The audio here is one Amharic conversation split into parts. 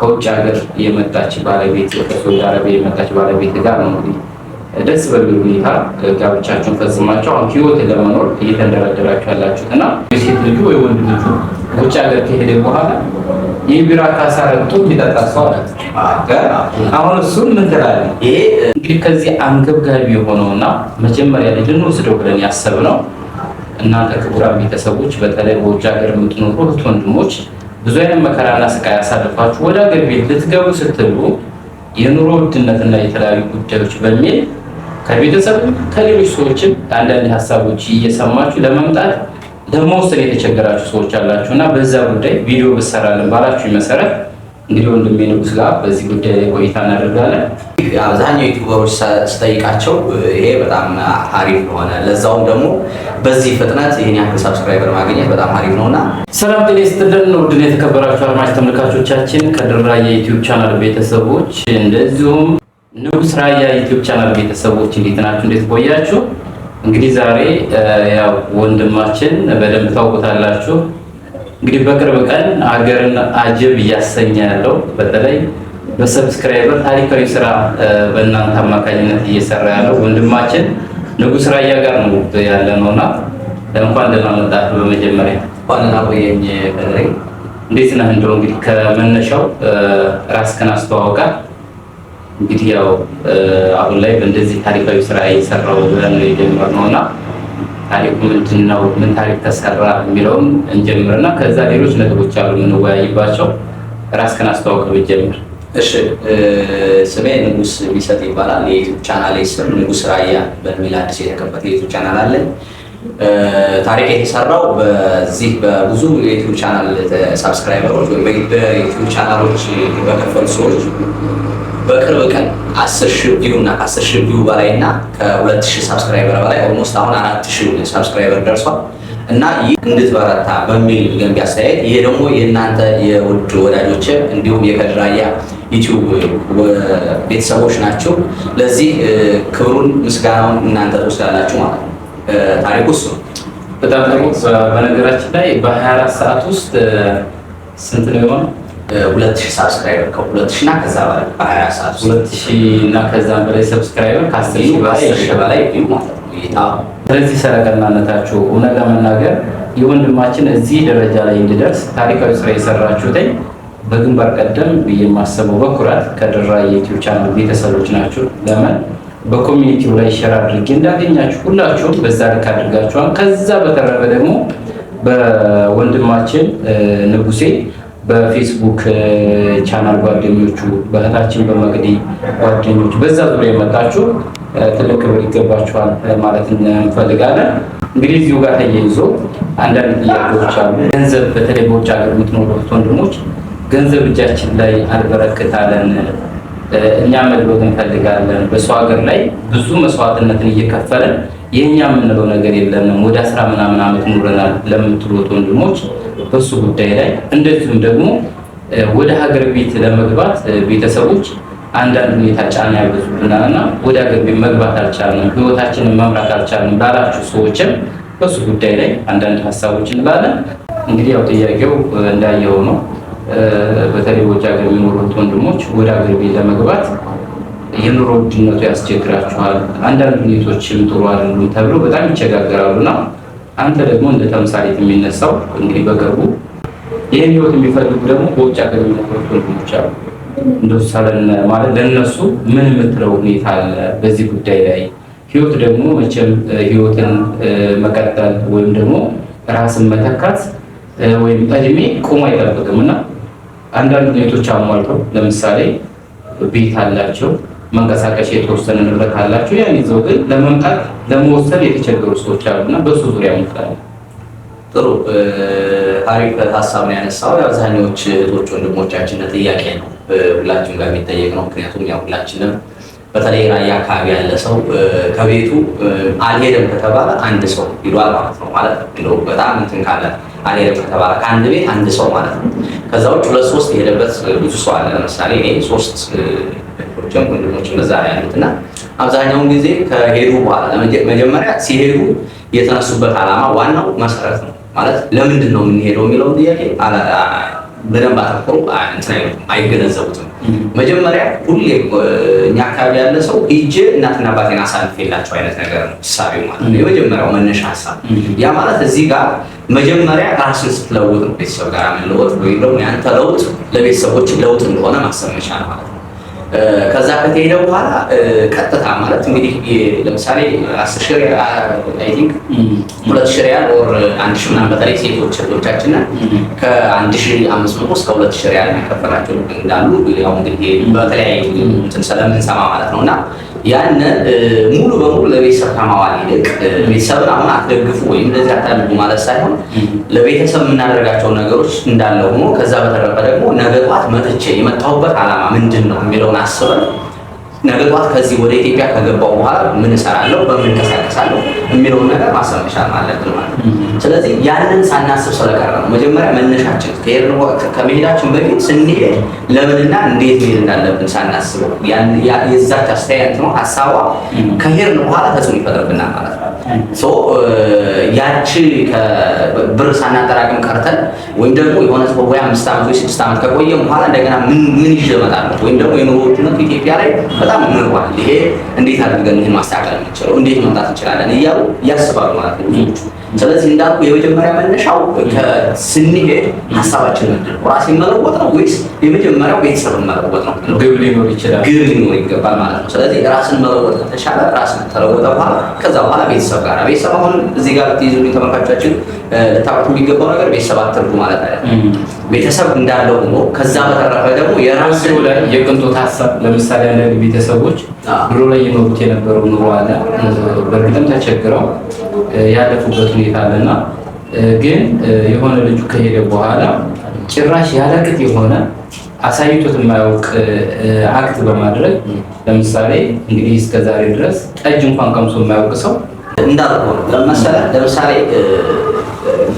ከውጭ ሀገር የመጣች ባለቤት ከሳውዲ አረቢያ የመጣች ባለቤት ጋር ነው እንግዲህ ደስ በሚል ሁኔታ ጋብቻችሁን ፈጽማችሁ አሁን ህይወት ለመኖር እየተንደረደራችሁ ያላችሁት እና የሴት ልጁ ወይ ወንድ ልጁ ውጭ ሀገር ከሄደ በኋላ የቢራ ካሳ ረግጦ የሚጠጣ ሰው አለ። አሁን እሱን ምን ትላለህ? ይሄ እንግዲህ ከዚህ አንገብጋቢ የሆነውና መጀመሪያ ላይ ልንወስደው ብለን ያሰብነው እናንተ ክቡራን ቤተሰቦች፣ በተለይ በውጭ ሀገር የምትኖሩ እህት ወንድሞች ብዙ አይነት መከራና ስቃይ አሳልፋችሁ ወደ አገር ቤት ልትገቡ ስትሉ የኑሮ ውድነትና የተለያዩ ጉዳዮች በሚል ከቤተሰብ ከሌሎች ሰዎችም አንዳንድ ሀሳቦች እየሰማችሁ ለመምጣት ለመወሰን የተቸገራችሁ ሰዎች አላችሁ እና በዛ ጉዳይ ቪዲዮ ብሰራልን ባላችሁ መሰረት እንግዲህ ወንድሜ ንጉስ ጋር በዚህ ጉዳይ ላይ ቆይታ እናደርጋለን። አብዛኛው ዩቱበሮች ስጠይቃቸው ይሄ በጣም አሪፍ ሆነ፣ ለዛውም ደግሞ በዚህ ፍጥነት ይህን ያክል ሰብስክራይበር ማግኘት በጣም አሪፍ ነው እና ሰላም ጤና ይስጥልን ውድን የተከበራችሁ አድማጭ ተመልካቾቻችን ከድር ራያ ዩቲዩብ ቻናል ቤተሰቦች፣ እንደዚሁም ንጉስ ራያ ዩቲዩብ ቻናል ቤተሰቦች እንዴት ናችሁ? እንዴት ቆያችሁ? እንግዲህ ዛሬ ያው ወንድማችን በደንብ ታውቁታላችሁ እንግዲህ በቅርብ ቀን ሀገርን አጀብ እያሰኘ ያለው በተለይ በሰብስክራይበር ታሪካዊ ስራ በእናንተ አማካኝነት እየሰራ ያለው ወንድማችን ንጉስ ራያ ጋር ነው ያለ ነውና እንኳን ደህና መጣህ። በመጀመሪያ እንኳን ደህና ቆየኝ እንዴት ነህ? እንደው እንግዲህ ከመነሻው ራስህን አስተዋውቀህ እንግዲህ ያው አሁን ላይ በእንደዚህ ታሪካዊ ስራ እየሰራው ብለን ነው እና ታሪኩ ምንድን ነው? ምን ታሪክ ተሰራ የሚለውን እንጀምርና ከዛ ሌሎች ነጥቦች አሉ የምንወያይባቸው። ራስህን አስተዋውቅ ብጀምር። እሺ፣ ስሜ ንጉስ የሚሰጥ ይባላል። የዩቱብ ቻናሌ ስም ንጉስ ራያ በሚል አዲስ የተከፈተ የዩቱብ ቻናል አለኝ። ታሪክ የተሰራው በዚህ በብዙ የዩቲዩብ ቻናል ሰብስክራይበሮች ወይም በዩቲዩብ ቻናሎች በከፈሉ ሰዎች በቅርብ ቀን አስር ሺህ ቪው እና ከአስር ሺህ ቪው በላይ እና ከሁለት ሺህ ሰብስክራይበር በላይ ኦልሞስት አሁን አራት ሰብስክራይበር ደርሷል እና ይህ እንድትበረታ በሚል ገንቢ አስተያየት ይሄ ደግሞ የእናንተ የውድ ወዳጆች እንዲሁም የከድራያ ዩቲዩብ ቤተሰቦች ናቸው። ለዚህ ክብሩን ምስጋናውን እናንተ ትወስዳላችሁ ማለት ነው። ታሪኩ እሱ ነው። በጣም ጥሩ። በነገራችን ላይ በ24 ሰዓት ውስጥ ስንት ነው የሆነ ሁለት ሰብስክራይበር እና ከዛ በላይ በ24 ሰዓት እና ከዛ በላይ ሰብስክራይበር ከአስር በላይ ማለት ነው። ስለዚህ ሰረቀናነታችሁ እውነት ለመናገር የወንድማችን እዚህ ደረጃ ላይ እንዲደርስ ታሪካዊ ስራ የሰራችሁትኝ በግንባር ቀደም ብዬ በኩራት ከድራ የዩቲዩብ ቻናል ቤተሰቦች ናችሁ። ለምን በኮሚኒቲው ላይ ሸር አድርጌ እንዳገኛችሁ ሁላችሁም በዛ ልክ አድርጋችኋል። ከዛ በተረፈ ደግሞ በወንድማችን ንጉሴ በፌስቡክ ቻናል ጓደኞቹ በእህታችን በመግዲ ጓደኞቹ በዛ ዙሪያ የመጣችሁ ትልቅ ክብር ይገባችኋል ማለት እንፈልጋለን። እንግዲህ እዚሁ ጋር ተያይዞ አንዳንድ ጥያቄዎች አሉ። ገንዘብ በተለይ በውጭ ሀገር የምትኖሩት ወንድሞች ገንዘብ እጃችን ላይ አልበረክታለን እኛ መድሎት እንፈልጋለን። በሰው ሀገር ላይ ብዙ መስዋዕትነትን እየከፈልን የእኛ የምንለው ነገር የለንም። ወደ አስራ ምናምን ዓመት ኑረናል ለምትሉት ወንድሞች በሱ ጉዳይ ላይ እንደዚሁም ደግሞ ወደ ሀገር ቤት ለመግባት ቤተሰቦች አንዳንድ ሁኔታ ጫና ያበዙብናል እና ወደ ሀገር ቤት መግባት አልቻልንም፣ ህይወታችንን መምራት አልቻልንም ላላችሁ ሰዎችም በሱ ጉዳይ ላይ አንዳንድ ሀሳቦች እንላለን። እንግዲህ ያው ጥያቄው እንዳየው ነው። በተለይ ውጭ ሀገር የሚኖሩት ወንድሞች ወደ ሀገር ቤት ለመግባት የኑሮ ውድነቱ ያስቸግራችኋል፣ አንዳንድ ሁኔቶችም ጥሩ አይደሉም ተብሎ በጣም ይቸጋገራሉና አንተ ደግሞ እንደ ተምሳሌት የሚነሳው እንግዲህ በቅርቡ ይህን ህይወት የሚፈልጉ ደግሞ በውጭ ሀገር የሚኖሩት ወንድሞች አሉ። እንደሳለን ማለት ለእነሱ ምን የምትለው ሁኔታ አለ በዚህ ጉዳይ ላይ? ህይወት ደግሞ መቼም ህይወትን መቀጠል ወይም ደግሞ ራስን መተካት ወይም እድሜ ቁሞ አይጠብቅም እና አንዳንድ ሁኔቶች አሟልቶ ለምሳሌ ቤት አላቸው፣ መንቀሳቀሽ የተወሰነ ንብረት አላቸው። ያን ይዘው ግን ለመምጣት ለመወሰን የተቸገሩ ሰዎች አሉና በእሱ ዙሪያ ሞክራለ። ጥሩ አሪፍ ሀሳብ ነው ያነሳው። የአብዛኛዎች እህቶች ወንድሞቻችን ጥያቄ ነው ሁላችን ጋር የሚጠየቅ ነው። ምክንያቱም ያ ሁላችንም በተለይ ራያ አካባቢ ያለ ሰው ከቤቱ አልሄደም ከተባለ አንድ ሰው ይሏል ማለት ነው ማለት ነው። በጣም እንትን ካለ ከተባለ ከአንድ ቤት አንድ ሰው ማለት ነው ከዛ ውጭ ሁለት ሶስት የሄደበት ብዙ ሰው አለ። ለምሳሌ እኔ ሶስት ጀም ወንድሞች በዛ ያሉት እና አብዛኛውን ጊዜ ከሄዱ በኋላ መጀመሪያ ሲሄዱ የተነሱበት ዓላማ ዋናው መሰረት ነው ማለት ለምንድን ነው የምንሄደው የሚለውን ጥያቄ በደንብ አተኮሩ አይገነዘቡትም። መጀመሪያ ሁሌ እኛ አካባቢ ያለ ሰው ሂጄ እናትና አባቴን አሳልፍ የላቸው አይነት ነገር ነው ሳቢ ማለት ነው። የመጀመሪያው መነሻ ሀሳብ ያ ማለት እዚህ ጋር መጀመሪያ ራስን ስትለውጥ ነው ቤተሰብ ጋር ምንለወጥ ወይም ደግሞ ያንተ ለውጥ ለቤተሰቦች ለውጥ እንደሆነ ማሰብ መቻል ማለት ነው። ከዛ ከተሄደ በኋላ ቀጥታ ማለት እንግዲህ ለምሳሌ አስር ሺህ አይ ቲንክ ሁለት ሺህ ሪያል ኦር አንድ ሺ ምናምን በተለይ ሴቶች እህቶቻችን ከአንድ ሺ አምስት መቶ እስከ ሁለት ሺህ ሪያል የሚከፈላቸው እንዳሉ ያው እንግዲህ በተለያዩ ስለምንሰማ ማለት ነው እና ያን ሙሉ በሙሉ ለቤተሰብ ከማዋል ይልቅ ቤተሰብን አሁን አትደግፉ ወይም እንደዚህ አታድርጉ ማለት ሳይሆን ለቤተሰብ የምናደርጋቸው ነገሮች እንዳለ ሆኖ ከዛ በተረፈ ደግሞ ነገ ጠዋት መጥቼ የመጣሁበት ዓላማ ምንድን ነው የሚለውን አስበን ነገ ጠዋት ከዚህ ወደ ኢትዮጵያ ከገባው በኋላ ምን እሰራለሁ፣ በምን እንቀሳቀሳለሁ የሚለውን ነገር ማሰብ መቻል አለብን ማለት ነው። ስለዚህ ያንን ሳናስብ ስለቀረ ነው መጀመሪያ መነሻችን ከመሄዳችን በፊት ስንሄድ ለምንና እንዴት መሄድ እንዳለብን ሳናስበው የዛች አስተያየት ነው ሀሳቧ ከሄድን በኋላ ተጽዕኖ ይፈጥርብናል ማለት ነው። ያቺ ብር ሳናጠራቅም ቀርተን ወይም ደግሞ የሆነ ወይ አምስት ዓመት ወይ ስድስት ዓመት ከቆየ በኋላ እንደገና ምን ይዤ እመጣለሁ? ወይም ደግሞ የኑሮ ኢትዮጵያ ላይ በጣም ምንዋል፣ ይሄ እንዴት አድርገን ይህን ማስተካከል የምንችለው እንዴት መምጣት እንችላለን እያሉ እያስባሉ ማለት ነው ስለዚህ እንዳልኩ የመጀመሪያ መነሻው ስንሄድ ሀሳባችን ምንድን ነው? መለወጥ ነው ወይስ የመጀመሪያው ቤተሰብ መለወጥ ነው? ግብ ሊኖር ይችላል፣ ግብ ሊኖር ይገባል ማለት ነው። ስለዚህ ራስን መለወጥ ከተሻለ ራስን ተለወጠ በኋላ ከዛ በኋላ ቤተሰብ ጋር ቤተሰብ አሁን እዚህ ጋር ትይዙ ተመልካቾቻችን ልታውቁት የሚገባው ነገር ቤተሰብ አትርጉ ማለት አይደለም። ቤተሰብ እንዳለው ሆኖ ከዛ በተረፈ ደግሞ የራሱ ላይ የቅንጦት ሀሳብ ለምሳሌ አንዳንድ ቤተሰቦች ድሮ ላይ የኖሩት የነበረው ኑሮ አለ። በእርግጥም ተቸግረው ያለፉበት ሁኔታ አለና ግን የሆነ ልጁ ከሄደ በኋላ ጭራሽ ያለቅት የሆነ አሳይቶት የማያውቅ አክት በማድረግ ለምሳሌ እንግዲህ እስከዛሬ ድረስ ጠጅ እንኳን ቀምሶ የማያውቅ ሰው እንዳልሆነ ለምሳሌ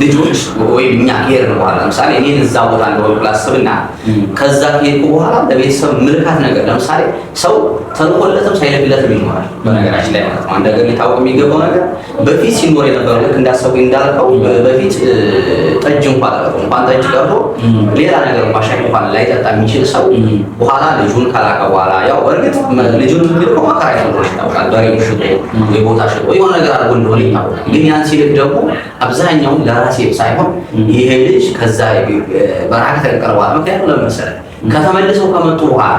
ልጆች ወይም እኛ ከሄድን በኋላ ለምሳሌ እኔን እዛ ቦታ እንደሆነ ላስብና ከዛ ከሄድኩ በኋላ ለቤተሰብ ምልካት ነገር ለምሳሌ ሰው ተልኮለትም ሳይለግለትም ይኖራል። በነገራችን ላይ ማለት ነው። አንድ ነገር ሊታወቅ የሚገባው ነገር በፊት ሲኖር የነበረው ልክ እንዳሰቡ እንዳልከው በፊት እንኳን አላውቅም። እንኳን ጠጅ ቀርቶ ሌላ ነገር እንኳን ሻይ እንኳን ላይጠጣ የሚችል ሰው በኋላ ልጁን ከላከ በኋላ ያው በእርግጥ ልጁን ልኮ ማከራየት እንደሆነ ይታወቃል። በሬም ሽጦ የቦታ ሽጦ የሆነ ነገር አድርጎ እንደሆነ ይታወቃል። ግን ያን ሲልክ ደግሞ አብዛኛውን ለራሴ ሳይሆን ይሄ ልጅ ከዛ በረሃ ከተነቀረ በኋላ ምክንያቱም ለምን ከተመለሰው ከመጡ በኋላ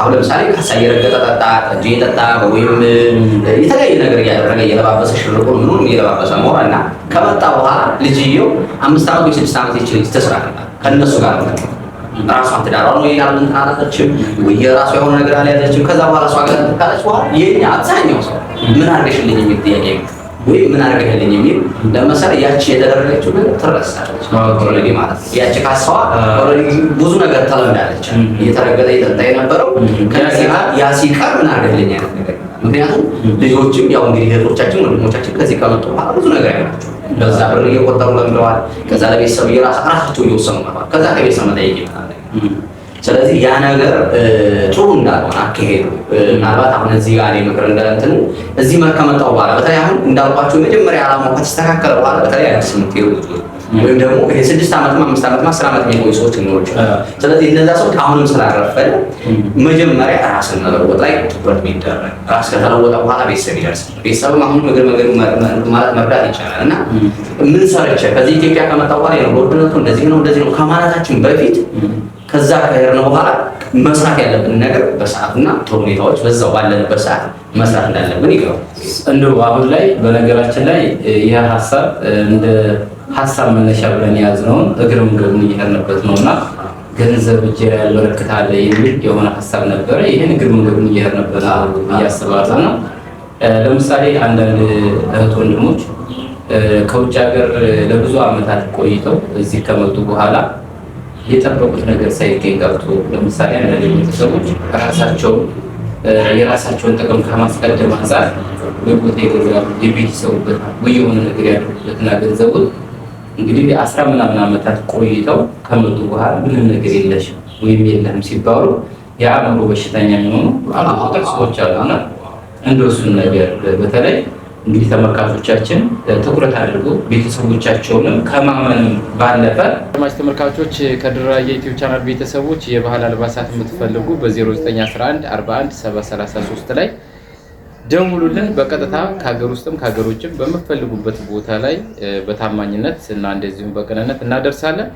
አሁን ለምሳሌ ካሳ እየረገጠ ጠጣ፣ ጠጅ የጠጣ ወይም የተለያየ ነገር እያደረገ እየለባበሰ ሽርቁን ምኑን እየለባበሰ መሆን እና ከመጣ በኋላ ልጅየው አምስት ዓመት ወይ ስድስት ዓመት ይችል ተስራ ከእነሱ ጋር ነው ራሷን ትዳሯን ወይ ያለን አላተችም ወይ የራሷ የሆነ ነገር አልያዘችም። ከዛ በኋላ ሷ ጋር ካለች በኋላ የኛ አብዛኛው ሰው ምን አድርገሽልኝ የሚል ጥያቄ ወይ ምን አድርገህልኝ የሚል ለምሳሌ ያቺ የተደረገችው ነገር ትረሳለች ኦልሬዲ ማለት ያቺ ካሳዋ ኦልሬዲ ብዙ ነገር ተለምዳለች። እየተረገጠ እየጠጣ የነበረው ከዚህ ጋር ያ ሲቀር ምን አድርገህልኝ አይነት ነገር ምክንያቱም ልጆችም ያው እንግዲህ እህቶቻችን ወንድሞቻችን ከዚህ ከመጡ በኋላ ብዙ ነገር ያላቸው በዛ ብር እየቆጠሩ ለምደዋል። ከዛ ለቤተሰብ እየራሳቸው እየወሰኑ ነበር። ከዛ ከቤተሰብ መጠየቅ ይመጣል ስለዚህ ያ ነገር ጥሩ እንዳልሆነ አካሄዱ ምናልባት አሁን እዚህ ጋር እኔ ምክር እንደንትኑ እዚህ ከመጣሁ በኋላ በተለይ አሁን እንዳልኳቸው የመጀመሪያ ዓላማው ከተስተካከለ በኋላ በተለይ አዲስ የምትሄዱ ልጆች ወይም ደግሞ ይሄ ስድስት ዓመትም አምስት ዓመትም አስር ዓመት የሚቆዩ ሰዎች ሊኖሩ ይችላል። ስለዚህ እነዛ ሰዎች አሁንም ስላረፈደ መጀመሪያ ራስን መለወጥ ላይ ትኩረት የሚደረግ ራስ ከተለወጠ በኋላ ቤተሰብ ይደርሳል። ቤተሰብም አሁን ምግር ምግር ማለት መርዳት ይቻላል እና ምን ሰርቼ ከዚህ ኢትዮጵያ ከመጣሁ በኋላ የኑሮ ውድነቱ እንደዚህ ነው እንደዚህ ነው ከማለታችን በፊት ከዛ ከሄድን በኋላ መስራት ያለብን ነገር በሰዓቱና በሁኔታዎች በዛው ባለንበት ሰዓት መስራት እንዳለብን ይገባል። እንደ አሁን ላይ በነገራችን ላይ ይህ ሀሳብ እንደ ሀሳብ መነሻ ብለን የያዝነውን እግርም ግብን እየሄድንበት ነው እና ገንዘብ እጄ ላይ ያመለክታል የሚል የሆነ ሀሳብ ነበረ። ይህን እግርም መንገዱን እየሄድንበት እያስባለ ነው። ለምሳሌ አንዳንድ እህት ወንድሞች ከውጭ ሀገር ለብዙ ዓመታት ቆይተው እዚህ ከመጡ በኋላ የጠበቁት ነገር ሳይገኝ ቀርቶ ለምሳሌ አንዳንድ ቤተሰቦች ራሳቸውን የራሳቸውን ጥቅም ከማስቀደም አንጻር ወይቦታ ይገዛሉ፣ ወይ የሆነ ነገር ያደርጉበትና ገንዘቡን እንግዲህ አስራ ምናምን ዓመታት ቆይተው ከመጡ በኋላ ምንም ነገር የለሽ ወይም የለህም ሲባሉ የአእምሮ በሽተኛ የሚሆኑ ቁጥር ሰዎች አሉና እንደሱን ነገር በተለይ እንግዲህ ተመልካቾቻችን ትኩረት አድርጎ ቤተሰቦቻቸውንም ከማመን ባለፈ አድማጭ ተመልካቾች ከድራ የዩቲዩብ ቻናል ቤተሰቦች የባህል አልባሳት የምትፈልጉ በ0911417033 ላይ ደውሉልን። በቀጥታ ከሀገር ውስጥም ከሀገር ውጭም በምፈልጉበት ቦታ ላይ በታማኝነት እና እንደዚሁም በቅንነት እናደርሳለን።